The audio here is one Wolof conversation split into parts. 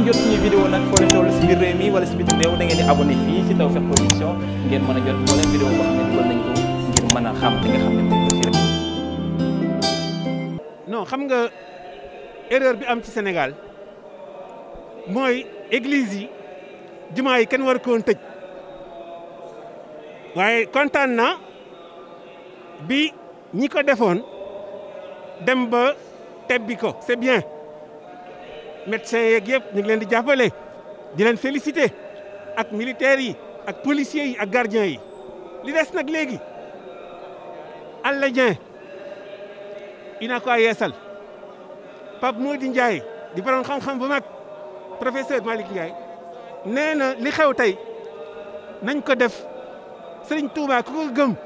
ngeen si biir réew mi wala a jot moo leen vidéo boo xam ne dugal xam nga xam non xam nga erreur bi am ci Sénégal mooy église yi jumaa yi kenn war koon tëj waaye kontaan na bi ñi ko defoon dem ba tebbi ko c'est bien médecins yeeg yëpp ñu ngi leen di jàppale di leen féliciter ak militaires yi ak policiers yi ak gardiens yi li des nag léegi Alla Dieng ina ko yeesal Pape Mody Ndiaye di borom xam-xam bu mag professeur Malick Ndiaye nee na li xew tey nañ ko def Serigne Touba ku ko gëm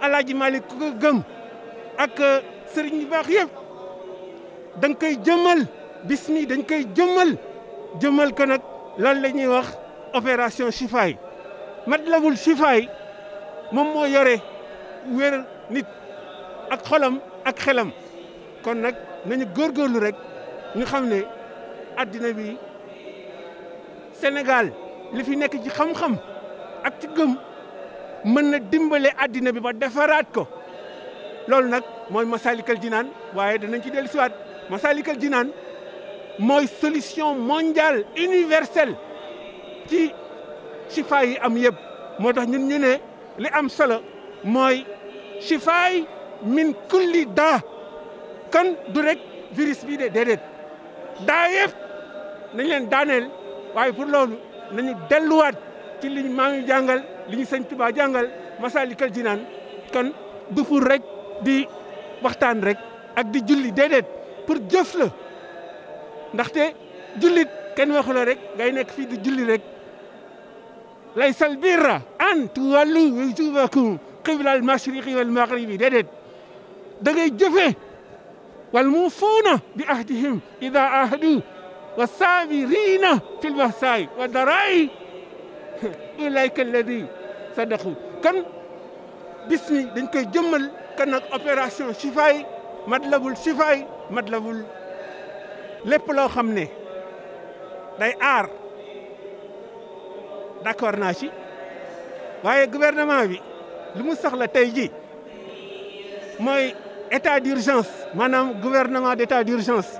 Alaaji Malick ku ko gëm ak euh, Serigne yu baax yëpp da nga koy jëmal bis dañ koy jëmmal jëmmal ko nag lan la ñuy wax opération Chifaay Matlabul Chifaay moom moo yore wér nit ak xolam ak xelam kon nag nañu góorgóorlu rek ñu xam ne addina bi Sénégal li fi nekk ci xam-xam ak ci mën na dimbale addina bi ba defaraat ko loolu nag mooy Masalikal Jinaan waaye danañ ci dellusiwaat Masalikal Jinaan mooy solution mondiale universelle ci chifa yi am yëpp moo tax ñun ñu ne li am solo mooy chifaay min kulli daa kan du rek virus bii de déedéet daa yëpp nañ leen daaneel waaye pour loolu nañu delluwaat ci liñ maa ngi jàngal li ñu sëñ Tuubaa jàngal Masaalikal Jinaan kon du pour rekk di waxtaan rekk ak di julli déedéet pour jëf la ndaxte jullit kenn waxu la rek ngay nekk fii di julli rek laysal birra an tuwallu wujuhakum qibla al mashriqi wal maghribi déedéet da ngay jëfe wal muufuuna bi ahdihim ida ahadu wa saabirina fi l mahsaay wa daraay ulayka alladi sadaqu kon bis ni dañ koy jëmmal kan nag opération Chifaay Matlabul Chifaay Matlabul lépp loo xam ne day aar d'accord naa ci waaye gouvernement bi li mu soxla tey ji mooy état d'urgence maanaam gouvernement d'état d'urgence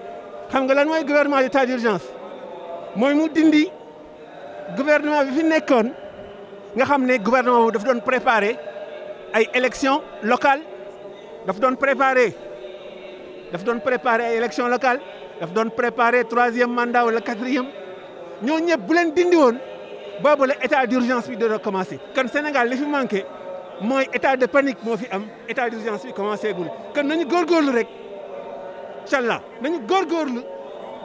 xam nga lan mooy gouvernement d'état d'urgence mooy mu dindi gouvernement bi fi nekkoon nga xam ne gouvernement bi dafa doon préparer ay élections locales dafa doon préparer dafa doon préparer ay élections locale daf don préparer troisième mandat wala quatrième ñoo ñëpp bu leen dindi woon boobu la état d'urgence bi doon commencé. kan Sénégal li fi manqué mooy état de panique moo fi am état d'urgence bi commencé gul kon nañu góorgóorlu rek incha allah nañu góorgóorlu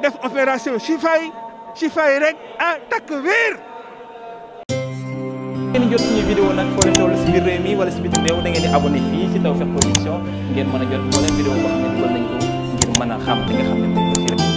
def opération chifa yi chifa yi rek ah takk weer. ngeen jot suñu vidéo nag foo leen si biir réew mi wala si bitim réew da mën a xam li nga xam ne